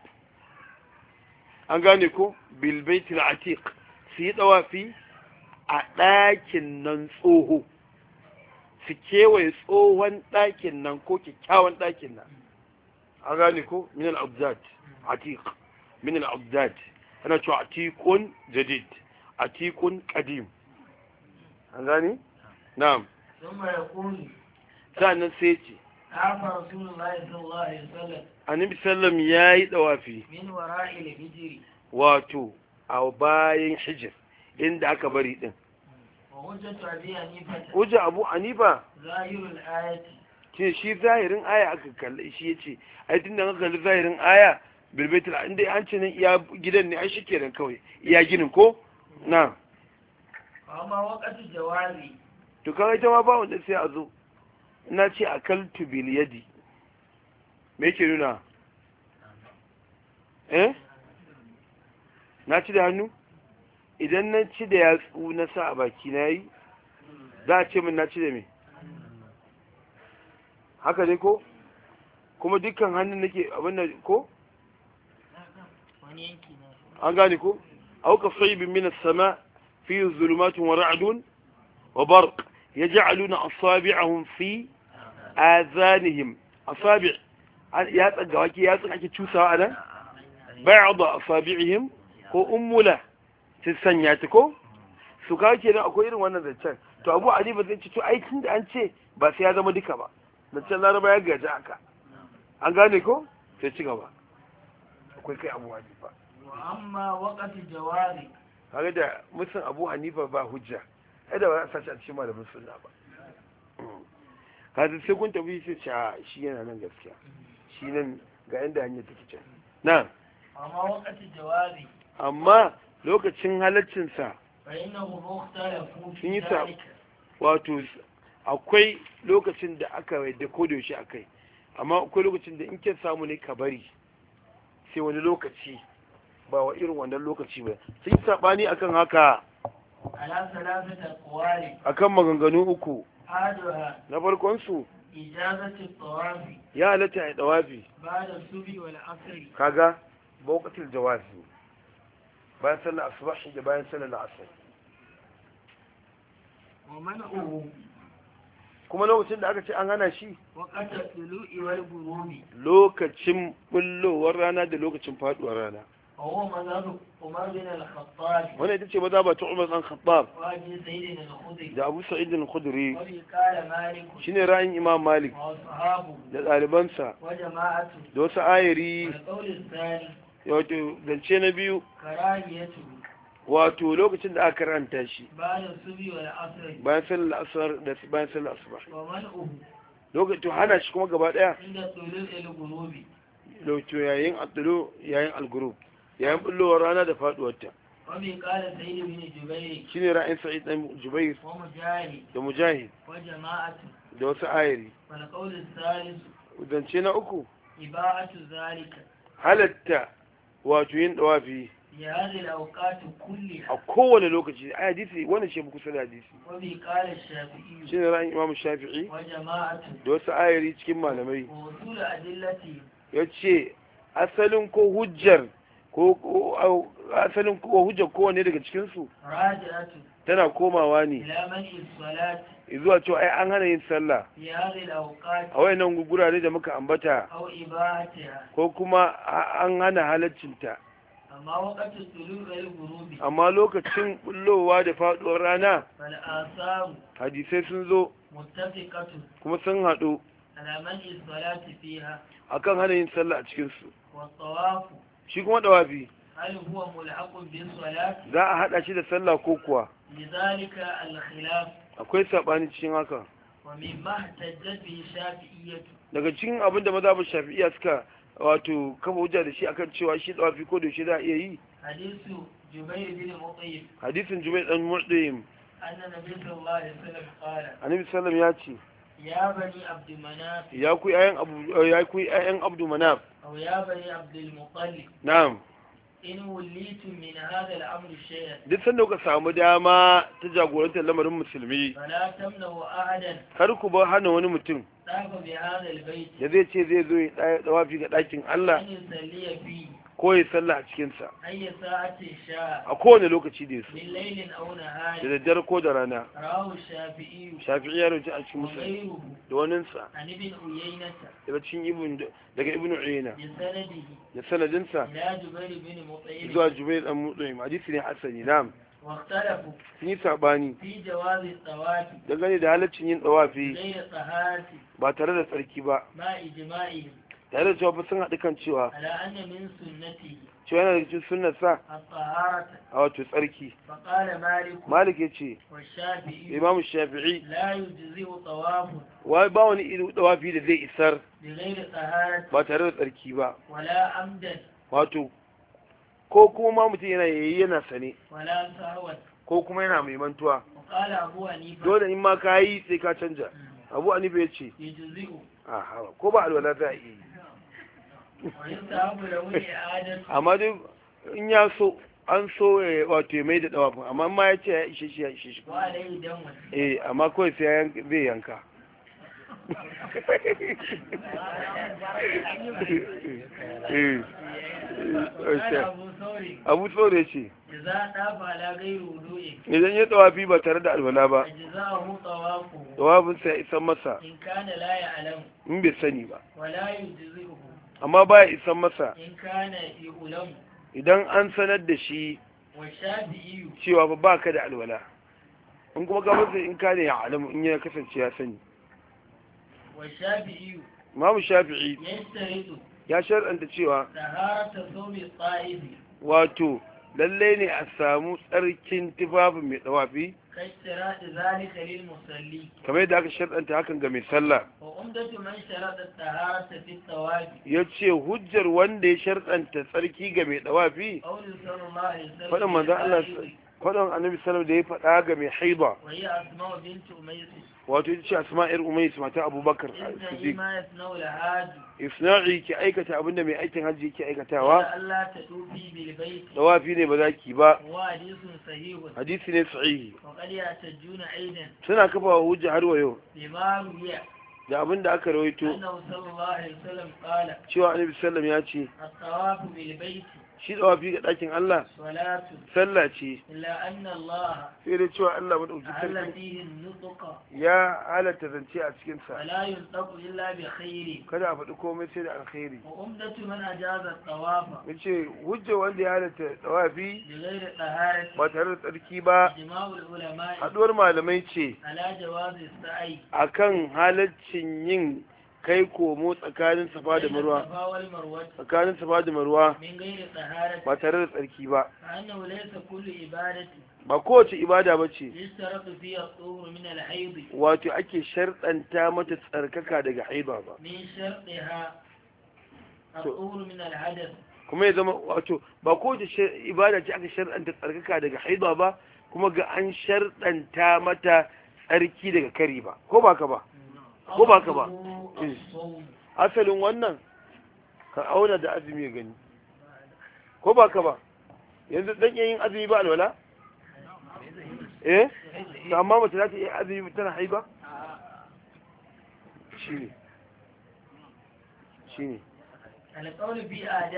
an gane ko bil baiti al atiq su yi tawafi a ɗakin nan tsoho su kewaye tsohon ɗakin nan ko kyakkyawan ɗakin nan an gane ko min al-abzat atiq min al-abzat ana cewa atiqun jadid atiqun qadim an gane na'am thumma yaqulu sannan sai ce afa rasulullahi sallallahu alaihi wasallam annabi sallam yayi dawafi min wara'il hijri wato a bayan hijir inda aka bari din hujjatu abi hanifa hujja abu hanifa zahirul ayati shi shi zahirin aya aka kalli shi ya ce ai tun da aka kalli zahirin aya bilbetul inda an ce nan iya gidan ne ai shi kenan kawai iya ginin ko na amma wakati jawabi to kawai ita ma ba wanda sai a zo na ce a kaltu bil yadi me yake nuna eh na ci da hannu idan na ci da yatsu na sa a baki na yi za a ce min na ci da me haka ne ko kuma dukkan hannun nake abin da ko an gane ko auka saibin minas sama fi zulumatun wa ra'adun wa a hunfi a fi a sabi ya tsagawa ke ya tsin ake cusawa a ba'd asabi'ihim ko ummula ta sanya ta ko su kawo kenan akwai irin wannan zancen to abu a ba zai ce to aikin da an ce ba sai ya zama duka ba can laraba ya gaji aka an gane ko sai ci gaba akwai kai abu hanifa amma wakati jawari hari da musun abu hanifa ba hujja ya da ba a sashi a cikin malamin suna ba kaji sai kun tafi sai a ah, shi yana nan gaskiya shi nan ga inda hanyar take can na amma wakati jawari amma lokacin halaccinsa fa innahu mukhtalafun wato akwai lokacin da aka mai da kodayaushe a kai amma akwai lokacin da in kin samu ne ka bari sai wani lokaci ba wa irin wannan lokaci ba sai yi akan haka akan maganganu uku na farkonsu ya halatta a ɗawafi kaga baukatul jawazi bayan sallar asubahi da bayan sallar asar kuma lokacin da aka ce an hana shi lokacin bullowar rana da lokacin faduwar rana wani ita ce maza ba ta umar ɗan khattab da abu sa'id al-khudri shine ra'ayin imam malik da ɗalibansa da wasu ayari da zance na biyu wato lokacin da aka ranta shi bayan sallar la'asar da bayan sallar asuba lokacin hana shi kuma gaba daya lokacin yayin addulo yayin algurub yayin bullowar rana da faduwarta shi ne ra'ayin sa'id ɗan jubair da mujahid da wasu ayari zance na uku halatta wato yin dawafi a kowane lokaci a hadisi wanda ce muku sani hadisi shi ne ra'ayin imamu shafi'i da wasu ayari cikin malamai ya ce asalin ko hujjar ko asalin ko hujjar kowane daga cikinsu tana komawa ne zuwa cewa ai an hana yin sallah a wayannan gurare da muka ambata ko kuma an hana halaccinta amma lokacin bullowa da faduwar rana hadisai sun zo kuma sun haɗu akan hana yin sallah a cikinsu shi kuma ɗawafi za a haɗa shi da sallah ko kuwa akwai saɓani cikin haka daga cikin abinda mazhabin shafi'iya suka wato kama hujja da shi akan cewa shi tsawafi ko da shi za a iya yi hadisu jumai dan mutayyib An nan alaihi wasallam sallam ya ce ya bani abdu manaf ya ku ayan abu eh, ya ku ayan abdu manaf ya bani abdul na'am in wulitu min hada al-amr shay'an duk sanda kuka samu dama ta jagorantar lamarin musulmi fala wa ahadan kar ku ba hana wani mutum da zai ce zai zo ya dawafi ga ɗakin Allah ko ya sallah a cikinsa a kowane lokaci da su da daddare ko da rana shafi iya rauci a cikin musa da waninsa daga cikin ibn daga ibn uyayna da sanadinsa zuwa jubai dan mutsaim hadisi ne hasani na'am ni saɓani dangane da halaccin yin tsawafi ba tare da tsarki ba tare da cewa ba sun haɗu kan cewa cewa yana da cikin sunnar sa a wato tsarki malik ya ce imam shafi'i wai ba wani irin tsawafi da zai isar ba tare da tsarki ba wato ko kuma mutum yana yayi yana sane ko kuma yana mai mantuwa dole in ma ka yi sai ka canja mm. abu hanifa ya ce ko ba alwala za a iya yi amma duk in ya so an so wato ya mai da dawafin amma ma ya ce ya ishe shi ya ishe shi eh amma kawai sai zai yanka eh abu tsore ce idan ya tsawafi ba tare da alwala ba tsawafinsa ya isan masa in bai sani ba amma ba ya isan masa idan an sanar da shi cewa ba ba ka da alwala in kuma ka masa in ka ne ya alamu in ya kasance ya sani mamu shafi'i ya shar'anta cewa wato lalle ne a samu tsarkin tufafin mai tsawafi kamar yadda aka sharɗanta hakan ga mai sallah ya ce hujjar wanda ya sharɗanta tsarki ga mai tsawafi faɗin manzan Allah kwadon annabi salam da ya faɗa ga mai haiba wato ita ce asma'ir umais mata abubakar siddiq isna'i ki aikata abinda mai aikin haji yake aikatawa da wafi ne ba za ki ba hadisi ne sahihi suna kafa wa hujja har wa yau da abin da aka rawaito cewa annabi sallam ya ce shi tsawafi ga ɗakin Allah sallah ce sai dai cewa Allah maɗauki sarki ya halatta zance a cikinsa kada a faɗi komai sai da alkhairi ya ce hujja wanda ya halatta tsawafi ba tare da tsarki ba haɗuwar malamai ce A kan halaccin yin kai komo tsakanin safa da marwa tsakanin safa da marwa ba tare da tsarki ba ba kowace ibada ba ce wato ake sharɗanta mata tsarkaka daga haiba ba kuma ya zama wato ba kowace ibada ce aka sharɗanta tsarkaka daga haiba ba kuma ga an sharɗanta mata tsarki daga kari ba ko ba ka ba ko ba ka ba eh. asalin wannan ka auna da azumi gani ko ba ka ba yanzu dan yin azumi ba alwala eh to amma mace za ta yi azumi tana haiba shi ne shi ne